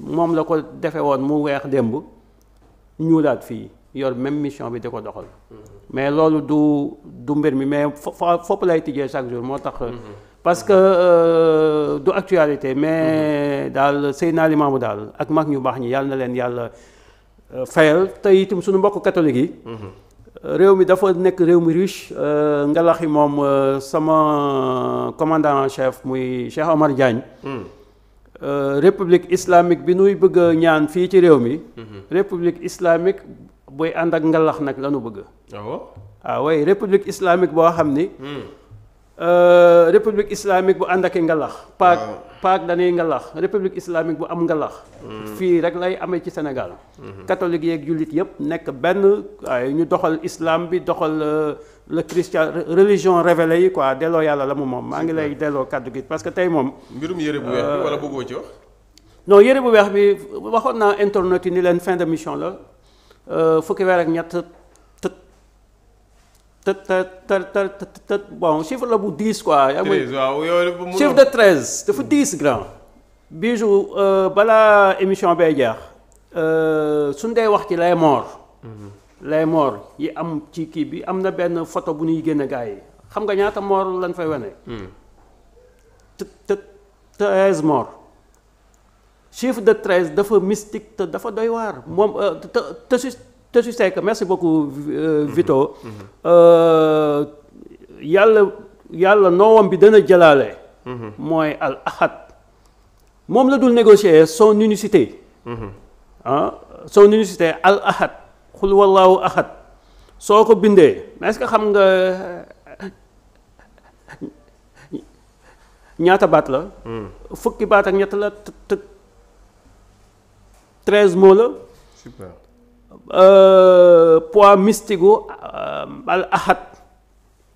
moom la ko defe woon mu weex démb ñuulaat fii yor même mission bi di ko doxal mm-hmm. mais loolu du du mbir mi mais fopp lay tijjee chaque jour moo tax mm-hmm. parce que euh, du actualité mais mm-hmm. daal naa Seydina Limaamu daal ak mag ñu baax ñi yàlla na leen yàlla euh, fayal te itam suñu mbokk catholique yi réew mi dafa nekk réew mi riche euh, ngalax yi moom sama commandant chef muy Cheikh Omar Diagne mm. Euh, république islamique bi nuy bëgg ñaan fii ci réew mi. Mhm. république islamique buy ànd ak ngalax nag la bëgg. waaw ah ah, waaye république islamique boo xam ni. Hmm. Euh, république islamique bu ànd ak i ngalax. paak paak dañuy ngalax république islamique bu am ngalax. Hmm. fii rek lay amee ci Sénégal. Hmm. catholique yeeg jullit yëpp nekk benn ay ñu doxal islam bi doxal euh, le christian religion révélée yi quoi delloo yàlla la mu moom maa ngi lay delloo kàddu gi parce que tey moom. mbirum yëre bu weex euh, bu weex bi waxoon naa internet yi ni leen fin de mission la fukki weer ak ñett. të të të të të bon chiffre la bu diis quoi. yaa ngi chiffre de treize dafa diis grand. bijou euh, balaa émission bay jeex euh, suñ wax ci lay moor. lay yi am ci kii bi am na benn photo bu ñuy génne gars yi xam nga ñaata moor lañ fay wane. Mm. te te de treize dafa mystique te dafa doy waar moom euh, te te te tu sais que merci beaucoup euh, mhm. Vito mhm. Euh, yàlla yàlla noowam bi dana jëlaale mhm. mooy al ahad moom la dul négocier son unicité ah son unicité al ahad xul wallaahu ahad soo ko bindee mais est xam nga ñaata baat la mm. fukki baat ak ñett la treize mots la Euh, poids mystique euh, gu al ahad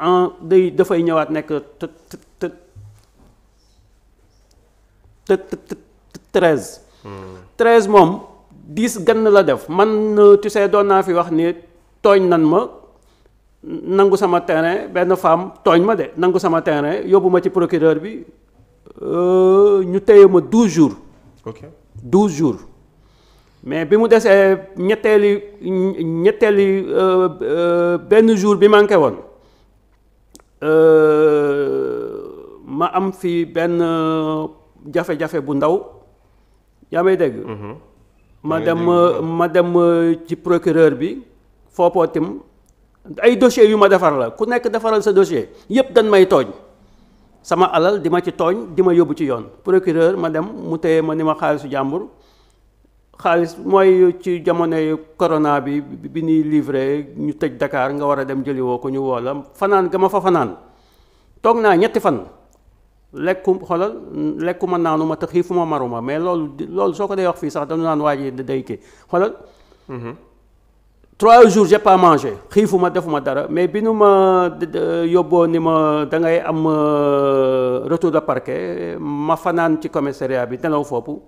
en day dafay ñëwaat nekk të të treize. treize moom dix gann la def man euh, tu sais doon naa fi wax ni tooñ nan ma nangu sama terrain benn femme tooñ ma de nangu sama terrain yóbbu ma ci procureur bi ñu téye ma douze jours. ok douze jours. mais bi mu desee ñetteeli ñetteeli euh, euh, benn jour bi manqué woon euh, ma am fi benn jafe-jafe bu ndaw yaa may dégg mhm. ma dem ma dem ci procureur bi foopootim ay dossier yu ma defar la ku nekk defaral sa dossier yëpp dañ may tooñ sama alal di ma ci tooñ di ma yóbbu ci yoon procureur ma dem mu téye ma ni ma xaalisu jàmbur xaalis mooy ci jamonoy corona bi bi ñuy livré ñu tëj dakaar nga war a dem jëli woo ko ñu woo la fanaan ga ma fa fanaan toog naa ñetti fan lekku xoolal lekkuma naanuma te xiifuma maruma mais loolu loolu soo ko dee wax fii sax dañu naan waaj day kii xoolal. Mm-hmm. trois jours j'ai pas mangé xiifuma defuma dara mais bi nu ma yóbboo ni ma dangay am euh, retour de parquet ma fanaan ci commissariat bi nelaw foofu.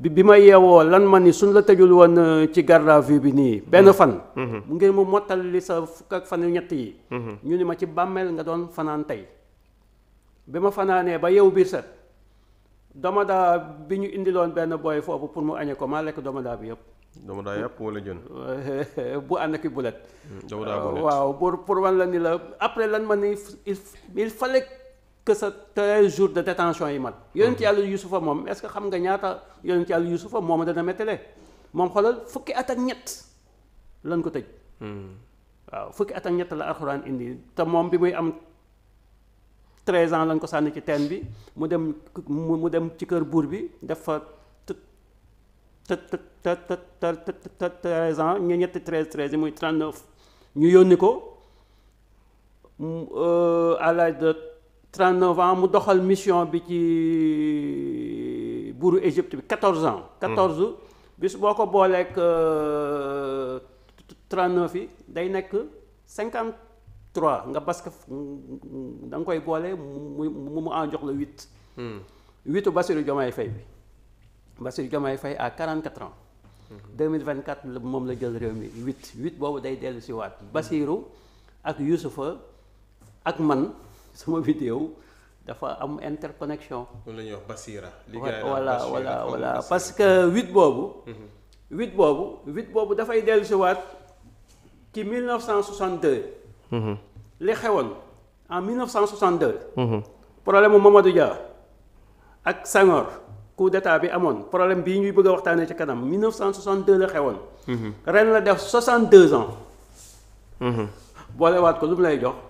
bi ma yeewoo lan ma ni suñ la tëjul woon euh, ci garde à vue bi nii benn mm-hmm. fan mm-hmm. mu ngir mu mottal li sa fukk ak fan ñett yi mm-hmm. ñu ni ma ci bàmmeel nga doon fanaan tey bi ma fanaanee ba yeew biir set domadaa bi ñu indiloon benn booy foofu pour mu añe ko maa lekk domadaa bi yëpp domadaa yàpp wala jën bu ànd ak i mm, bulet waaw pour pour wan la ni la après lan ma ni il fallait que sa treize jours de détention yi mat yonent yàlla yusufa moom est-ce que xam nga ñaata yonent yàlla yusufa moom dana mettale moom xoolal fukki at ak ñett lan ko tëj hmm. waaw fukki at ak ñett la alxuraan indi te moom bi muy am treize ans lañ ko sànni ci teen bi mu dem mu dem ci kër buur bi def fa te te te te treize ans ñu ñetti treize treize yi muy trente neuf ñu yónni ko euh, à l'âge de 39 ans mu doxal mission bi ci buuru Égypte bi 14 ans. 14 hmm. bis boo ko booleek booleeg euh, 39 yi day nekk 53 nga parce que da koy boolee mu mu mu en jox la 8. 8 hmm. Bassirou Diomaye Faye bi Bassirou Diomaye Faye à 44 ans. 2024 hmm. la moom la jël réew mi 8 8 boobu day dellu si waat Bassirou ak Youssoufa ak man. suma vidéo dafa am interconnexion. loolu la ñuy wax Basira. voilà voilà parce que huit boobu. Mhm. huit boobu huit boobu dafay dellusiwaat ci 1962. Mhm. li xewoon en 1962. Mhm. problème mu Mamadou Dia ak Senghor coup d'état bi amoon problème bi ñuy bëgg a waxtaanee ci kanam 1962 la xewoon. ren la def 62 ans. boolewaat ko lu mu lay jox.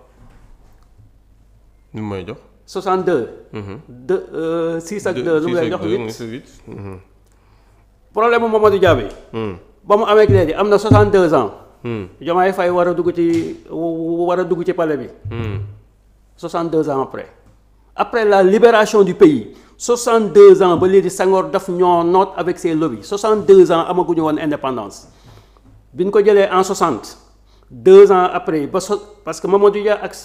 ñu may jox. 62. 2 6 ak 2 lu mu jox 8 problème mu Mamadou Diaby. ba mu amee léegi am na 62 ans. Diomaye Faye war a dugg ci war a dugg ci pale bi. 62 ans après. après la libération du pays 62 ans ba léegi Senghor daf ñoo noot avec ses lobbies 62 ans amaguñu woon indépendance bi ñu ko jëlee en 60 deux ans après ba so parce que Mamadou Dia ak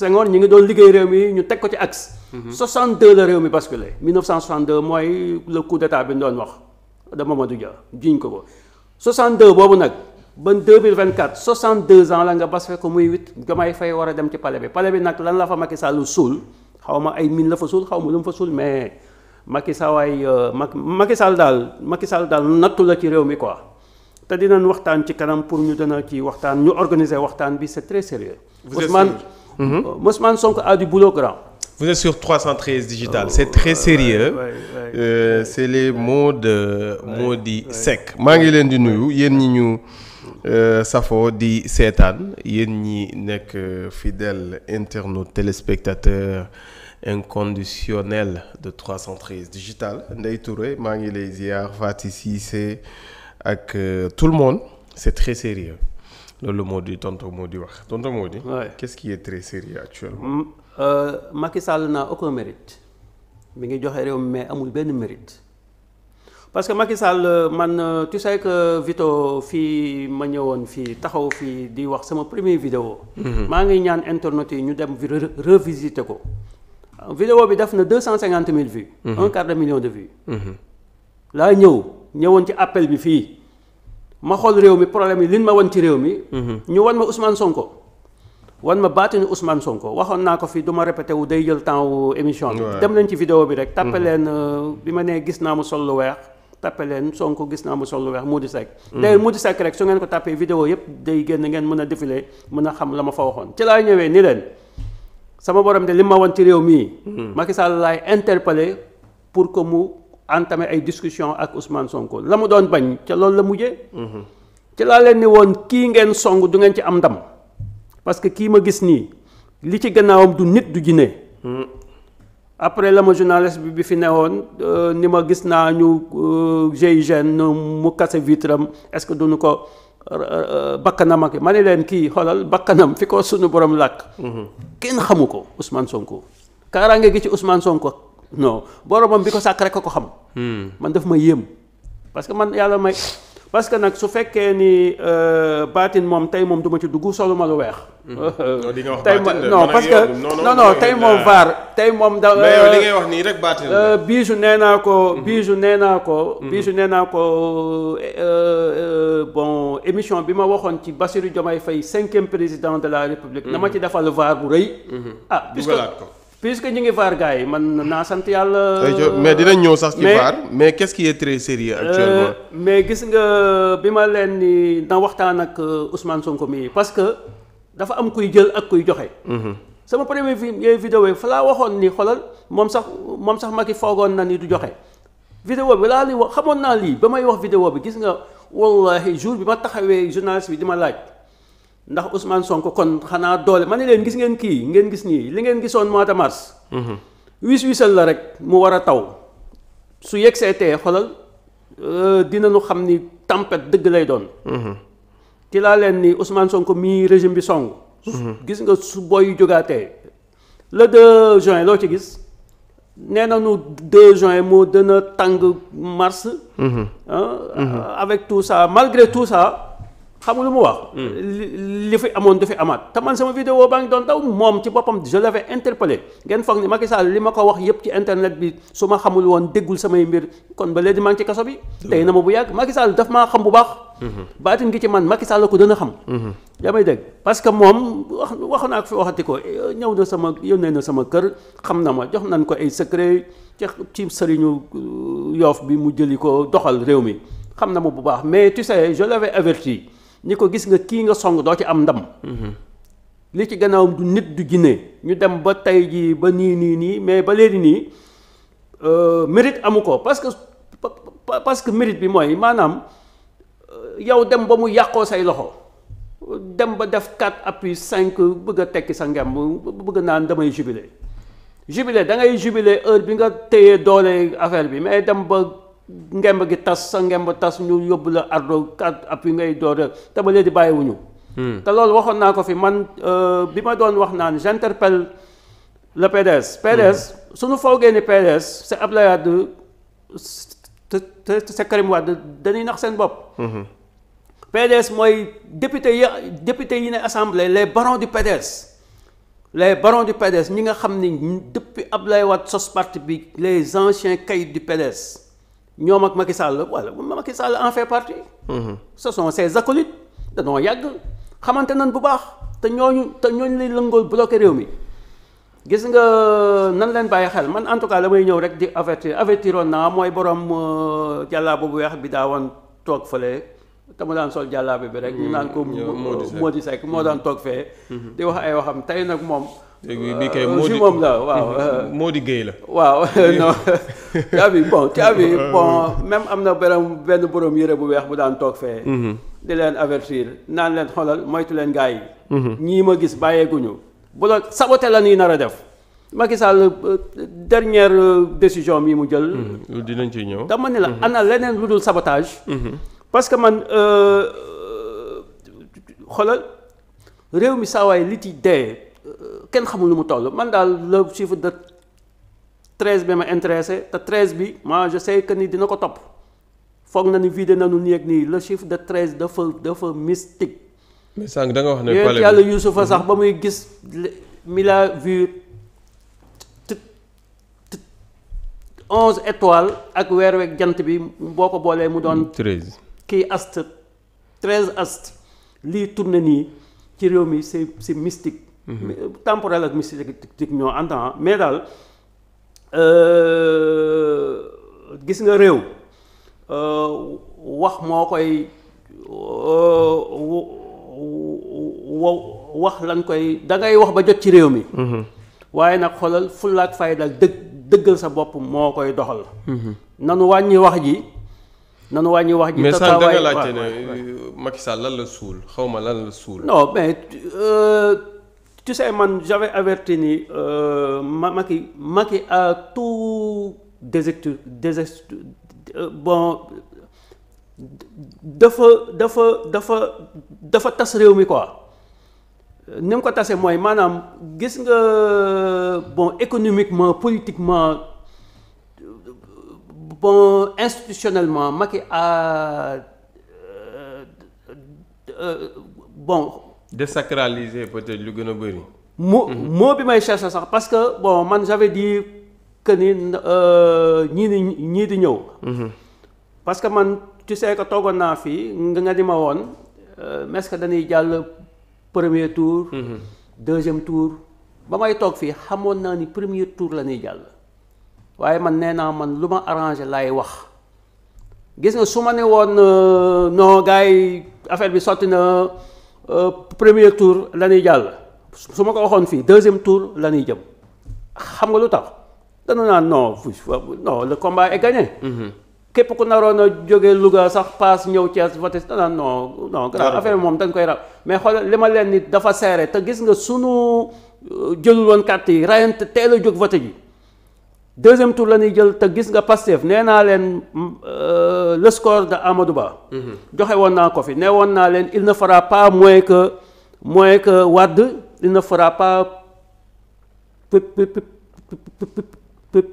Senghor ñi ngi doon liggéey réew mi ñu teg ko ci axe. 62 mhm. la réew mi basculé 1962 mooy le coup d'état bi ñu doon wax de Mamadou Dia jiñ ko ko 62 boobu nag ba 2024 62 ans la nga bas fekk muy 8 Diomaye Faye war a dem ci palais bi pale bi nag lan la fa Macky Sall suul xaw ma ay mine la fa suul xaw ma lu mu fa suul mais Macky Sall waay euh, Macky Sall daal Macky Sall daal nattu la ci réew mi quoi. te di nan waxtaan ci kanam pour ñu dana ci waxtaan ñu organiser waxtaan bi c'est très Mm-hmm. Euh, Ousmane Sonko a du boulot grand. Vous êtes sur 313 Digital, oh, c'est très sérieux. Ouais, ouais, euh, c'est les mots de Mody Seck. maa ngi leen di nuyu yéen ñi ñu euh, safoo di seetaan yéen ñi nekk fidèle internaute téléspectateur inconditionnel de 313 Digital Ndeye Touré maa ngi lay ziar Fati Cissé ak tout le monde c'est très sérieux loolu moo di tonton moo di wax tonton moo di. qu'est-ce qui est mm, euh, Sall n'a aucun mérite mi ngi joxe réew mais amul benn mérite parce que Macky Sall euh, man euh, tu sais que fii ma ñëwoon fii taxaw fii di wax sama premier video mm-hmm. maa ngi ñaan internet yi ñu dem revisiter ko. vidéo bi def na deux cent cinquante mille vi mm-hmm. un quart de million de vues. Mm-hmm. laa ñëw ñëwoon ci appel bi fii. ma xool réew mi problème yi liñ ma wan ci réew mi. Mhm. ñu wan ma Ousmane Sonko. wan ma baatini Ousmane Sonko waxoon naa ko fii du ma répété wu day jël temps wu émission bi. dem leen ci vidéo bi rek. tàppe mhm. leen euh, bi ma nee gis naa mu sol lu weex. tàppe leen Sonko gis naa mu sol lu weex Moody Seck. Mhm. d'ailleurs Moody Seck rek su ngeen ko tàppee vidéo yëpp day génn ngeen mën a défilé mën a xam la ma fa waxoon ci laay ñëwee ni leen. sama borom de li ma wan ci réew mii. Macky Sall laay interpellé entamé ay discussion ak Ousmane Sonko la mu doon bañ ca loolu la mujjee. ci laa leen ni woon kii ngeen song du ngeen ci am ndam parce que kii ma gis nii li ci gannaawam du nit du jinne après la ma journaliste bi bi fi newoon euh, ni ma gis naa ñu euh, GIGN mu kase vitram est-ce que duñu ko euh, bakkanam ak ma ne leen kii xoolal bakkanam fi ko sunu borom làkk. Mhm. kenn xamu ko Ousmane Sonko kaaraange gi ci Ousmane Sonko. non boromam bi ko sàkk rek ko ko xam. Hmm. man daf ma yéem. parce que man yàlla may parce que nag su fekkee ni euh, baatin moom tey moom du ma ci dugg solo ma lu weex. Hmm. di nga wax tey non parce que non non tey moom vaar tey moom. da mais yow li ngay wax nii rek baatin la. Euh, biisu nee naa ko. Hmm. biisu nee naa ko. biisu nee naa ko euh, bon émission bi ma waxoon ci Bassirou Diomaye Faye cinquième président de la République. na ma ci defal vaar bu rëy. ah puisque que ñu ngi vaar gars yi man naa sant yàlla. mais dinañ ñëw sax ci vaar mais qu'est-ce qui est très sérieux euh, mais gis nga bi ma leen ni na waxtaan ak euh, Ousmane Sonko mii parce que dafa am kuy jël ak kuy joxe. Mhm. sama premier eh, vidéo yi fa laa waxoon ni xoolal moom sax moom sax Macky foogoon na ni du joxe. vidéo bi laa li xamoon naa lii ba may wax vidéo bi gis nga wallahi jour bi ma taxawee journaliste bi di ma laaj. ndax Ousmane Sonko kon xanaa doole ma ne leen gis ngeen kii ngeen gis nii li ngeen gisoon mois de mars. Mhm. wis wisal la rek mu war a taw su yegg see tee dina euh, dinañu xam ni tempet dëgg lay doon. ci mhm. laa leen ni Ousmane Sonko mii régime bi song. Mhm. gis nga su booy jógaatee le 2 juin loo ci gis nee nañu 2 juin moo dina tàng mars. Ah, avec tout ça malgré tout ça. xam nga lu mu wax. Hmm. li fi amoon du fi amaat te man sama vidéo baa ngi doon daw moom ci boppam je l'avais interpellé ngeen foog ni Macky li ma ko wax yépp ci internet bi su ma xamul woon déggul samay mbir kon ba léegi maa ngi ci kaso bi. tey na ma bu yàgg Macky Sall daf xam bu baax. Hmm. baatin ngi ci man Macky Sall ko dana xam. Hmm. yaa dégg parce que moom wax wax naa ko fi waxati ko ñëw na sama na sama kër xam na ma jox nañ ko ay secret ci sëriñu euh, yoof bi mu jëli ko doxal réew mi xam na ma bu baax mais tu sais je l'avais averti. ni ko gis nga kii nga song doo ci am ndam li ci gannaaw du nit du jinne ñu dem ba tey jii ba nii nii nii mais ba léegi nii euh, mérite amu ko parce que parce que mérite bi mooy maanaam euh, yow dem ba mu yàqoo say loxo dem ba def 4 appui cinq bëgg a tekki sa ngem bëgg naan damay jubilé jubilé da ngay jubilé heure bi nga téye doole affaire bi mais dem ba ngemb gi tas sa ngemb tas ñu yóbbu la ardo kat ab yi ngay door te ba léegi bàyyiwuñu hmm. te loolu waxoon naa ko fi man euh, bi ma doon wax naan j'interpelle le PDS PDS hmm. suñu foogee ni PDS c'est Abdoulaye Wade c'est Karim Wade dañuy nax seen bopp hmm. PDS mooy député yi député yi ne assemblée les barons du PDS les baron du PDS ñi nga xam ni depuis Abdoulaye Wade sos parti bi les anciens kayit du PDS ñoom ak Macky Sall wala Macky Sall en fait partie. Mm-hmm. ce sont ses acolytes dañoo yàgg xamante nañ bu baax te ñoo ñu te ñooñu lay lëngool bloqué réew mi. gis nga nan leen bàyyi xel man en tout cas la may ñëw rek di avertir avertiroon naa mooy boroom euh, jàllaabu bu weex bi daawoon toog fële te mu daan sol jàllaabu bi rek. ñu naan ko mm-hmm. di Seck moo daan toog fee. Mm-hmm. di wax ay waxam tey nag moom. moo di moom la waaw. moo di géey la. waaw caabi bon caabi bon même am na benn benn borom yére bu weex bu daan toog fee. Mhm. di leen avertir naan leen xoolal moytu leen gars yi. Mhm. ñii ma gis bàyyeeguñu. bu la saboté la nii nar def. Macky Sall euh, euh, décision mi mu jël. Mhm. dinañ ci ñëw. dama ne la ana leneen lu dul sabotage. parce que man euh, xoolal réew mi sa waay li ci dee. kenn xamul lu mu toll man daal le chiffre de treize bi ma intéressé te treize bi moi je sais que ni dina ko topp foog na ni vidé nanu nii ak nii le chiffre de treize dafa dafa mystique. mais sànq da wax ne. yàlla Yuusufa sax ba muy gis mila vu onze étoile ak weer weeg jant bi boo ko boolee mu doon. treize kii ast treize ast lii tourné nii ci réew mi c'est c'est mystique. Mhm. temporel ak mystique ñoo entend ah. mais daal euh, gis nga réew euh, wax moo koy euh, wax lañ koy da wax ba jot ci réew mi mhm. waaye nag xoolal fullaak faydal dëgg dëggal sa bopp moo koy doxal mhm. nanu wàññi wax ji nanu wàññi wax ji mais sànq lan la suul xaw lan la suul non mais tu sais man j'avais averti ni euh, Macky Macky a tout désectu désectu euh, bon dafa dafa dafa dafa tas réew mi quoi ni ko tasee mooy maanaam gis nga bon économiquement politiquement bon institutionnellement Macky à euh, bon. désacraliser peut-être lu gën a bëri. mu moo bi may chercher sax parce que bon man j'avais dit que ni euh, ñii di ñii di ñëw. Mhm. parce que man tu sais que toogoon naa fii nga di ma woon euh, est-ce que dañuy jàll premier tour. Mhm. deuxième tour ba may toog fii xamoon naa ni premier tour la ñuy jàll. waaye man nee naa man lu ma arrangé laay wax gis nga su ma ne woon euh, non gars yi bi sotti na. Euh, premier tour la ñuy jàll su ma ko waxoon fii deuxième tour la ñuy jëm xam nga lu tax dana naan non non le combat est gagné. Mm-hmm. képp ku naroon a jógee Louga sax paas ñëw Thiès voté dana naan non non. grand affaire moom dañ koy rab mais xoolal li ma leen nit dafa seere te gis nga sunu euh, jëlul woon yi rayante teel a jóg voté ji. deuxième tour la ñuy jël te gis nga Pastef nee naa leen mm, euh, le score de Amadou Ba. Mhm. joxe woon naa ko fi nee woon naa leen il ne fara pas moins que moins que Wade il ne fera pas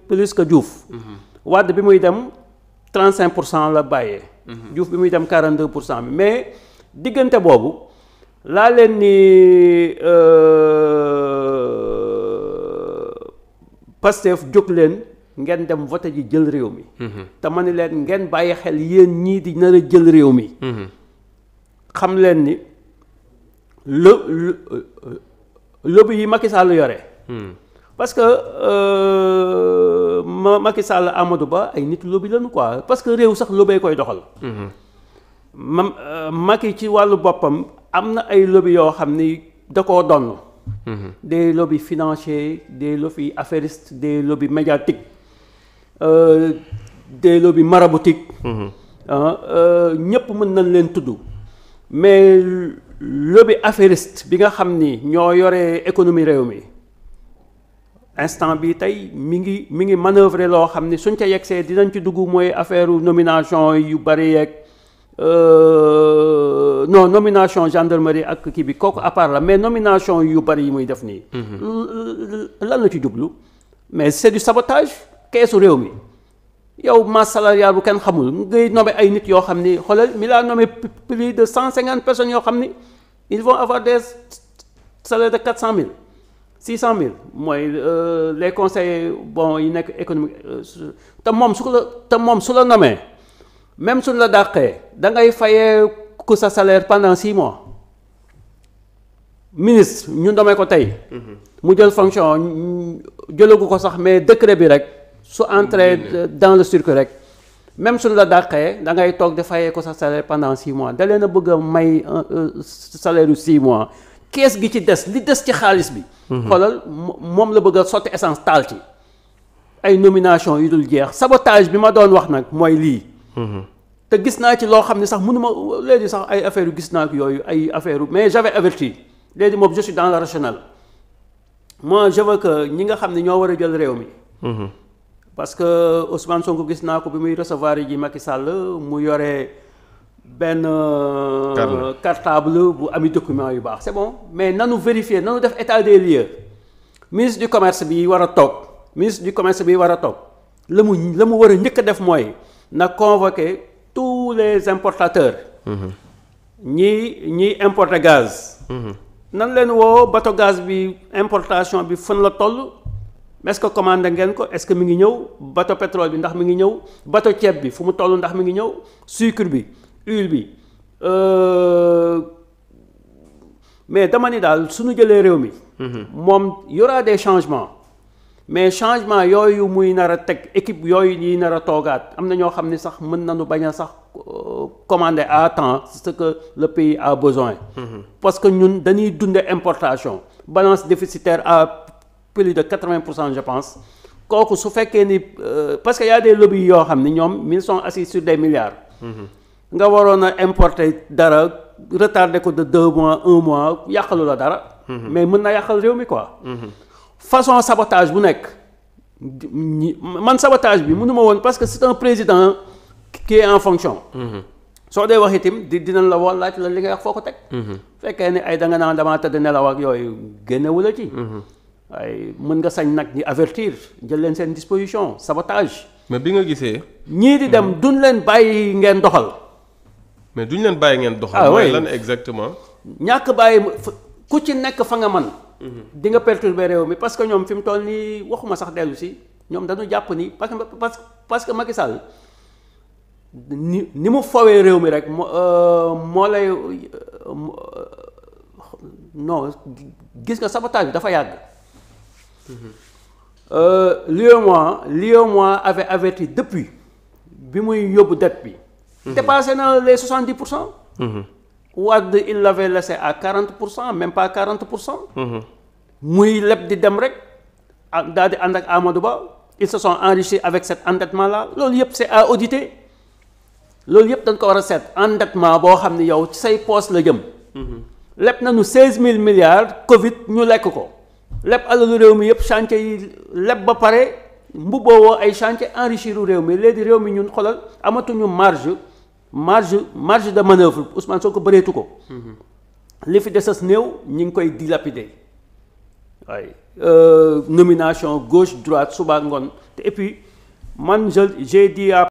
plus que Diouf. Mhm. Wade bi muy dem trent 35 pour cent la bàyyee. Mhm. Diouf bi muy dem 42 pour cent mais diggante boobu laa leen ni. Euh, Pastef jóg leen ngeen dem voté ji jël réew mi. Mhm. te ma ni leen ngeen bàyyi xel yéen ñii di nar a jël réew mi. Mhm. xam leen ni lu lobby yi Macky Sall yore. Mhm. parce que euh, ma Macky Sall Amadou Ba ay nit lobby lañu quoi parce que réew sax lobby koy doxal. ma euh, Macky ci wàllu boppam am na ay lobby yoo xam ni da koo donn mmh. des lobbies financiers des lobbies affairistes des lobbies médiatiques euh, des lobbies maraboutiques mm-hmm. ah, euh, ñëpp mën nañ leen tudd mais lobby affairiste bi nga xam ni ñoo yore économie réew mi instant bi tey mi ngi mi ngi manœuvrer loo xam ni suñ ca yegsee dinañ ci dugg mooy affaire nomination yu bari yeeg Euh, non nomination gendarmerie ak kii bi kooku à part la mais nomination yu bari yi muy def nii. Mhm. lan la ci jublu mais c'est du sabotage keesu réew mi yow masse salariale bu kenn xamul ngay nommer ay nit yoo xam ni xoolal mi laa nommer plus de cent cinquante personnes yoo xam ni ils vont avoir des salaires de quatre cent mille six cent mille mooy euh, les conseillers bon yi nekk économique euh, te moom su ko la te moom su la nomee même suñ la dàqee da ngay fayee ku sa salaire pendant six mois ministre ñun damay ko tey. Mhm. mu jël fonction jëlagu ko sax mais décret bi rek. su entrer dans le circuit rek. même suñ la dàqee da ngay toog di fayee ko sa salaire pendant six mois da leen a bëgg may euh, euh, salaire yu six mois kees gi ci des li des ci xaalis bi. Mhm. xoolal moom la bëgg a sotti essence taal ci. ay nomination yu dul jeex sabotage bi ma doon wax nag mooy lii. Mhm. te gis naa ci loo xam ne sax mënuma léegi sax ay affaire gis naa ko yooyu ay affaire mais j'avais averti léegi moom je dans le rationale moi je que ñi nga xam ne ñoo war a jël réew mi. Mhm. parce que Ousmane Sonko gis naa ko bi muy recevoir yi ji Macky Sall mu yore benn. cartable bu ami document yu baax. c'est bon mais nanu vérifier nanu def état des lieux ministre du commerce bi war a toog ministre du commerce bi war a toog la mu la mu war a njëkk def mooy. na convoqué tous les importateurs. ñii ñiy importer gaz. nan leen woo bato gaz bi importation bi fan la toll est-ce que commandé ngeen ko est-ce que mi ngi ñëw bato pétrole bi ndax mi ngi ñëw bato ceeb bi fu mu toll ndax mi ngi ñëw sucre bi huile bi euh, mais dama ni daal suñu jëlee réew mi. moom y aura des mais changement yooyu muy nar a teg équipe yooyu ñuy nar a toogaat am na ñoo xam ne sax mën nañu bañ a sax euh, commander à temps ce que le pays à besoin. Mhm. parce que ñun dañuy dundee importation balance déficitaire à plus de quatre-vingts pour cent je pense kooku su fekkee ni euh, parce que y a des lobbies yoo xam ni ñoom ils sont assis sur des milliards. Mhm. nga waroon a importer dara retardé ko de deux mois un mois yàqalu la dara. Mhm. mais mën na yàqal réew mi quoi. façon sabotage bu nekk man sabotage bi mënu ma woon parce que c'est un président ki est en fonction. Mhm. soo dee wax di dinañ la woon laaj la li nga wax foo ko teg. Mhm. fekkee ne ay da nga naan damaa tëdd nelaw ak yooyu génnewu la ci. waaye mhm. mën nga sañ nag ñi avertir jël leen seen disposition sabotage. mais bi nga gisee. ñii di dem duñ leen bàyyi ngeen doxal. mais duñ leen bàyyi ngeen doxal. ah lan exactement. ñàkk bàyyi ku ci nekk fa nga man Mm-hmm. di nga perturber réew mi parce que ñoom fi mu toll nii waxuma sax dellu si ñoom dañu jàpp ni parce que parce que parce que Macky Sall ni ni mu fowee réew mi rek moo euh, moo lay euh, non gis nga sabotage bi dafa yàgg. Mm-hmm. Euh, l'UEMOA l'UEMOA avait averti depuis bi muy yóbbu dette bi. Mm-hmm. dépassé na les soixante-dix pour cent. Wade il l'avait laissé à 40 pour cent même pas 40 pour cent. muy leb di dem rek daal di ànd ak Amadou Ba ils se sont enrichis avec cet endettement là loolu yëpp c'est à auditer loolu yëpp dañ ko war a seet endettement boo xam ni yow ci say poos la jëm. leb nañu 16000 milliards Covid ñu lekk ko leb alalu réew mi yëpp chantier yi leb ba pare mbu booboo ay chantier enrichir réew mi léegi réew mi ñun xoolal amatuñu marge. marge marge de manœuvre Ousmane ko bëreetu ko. Mhm. li fi desas néew ñi ngi koy dilapider waaye euh, nomination gauche droite suba ngoon te et man je j'ai dit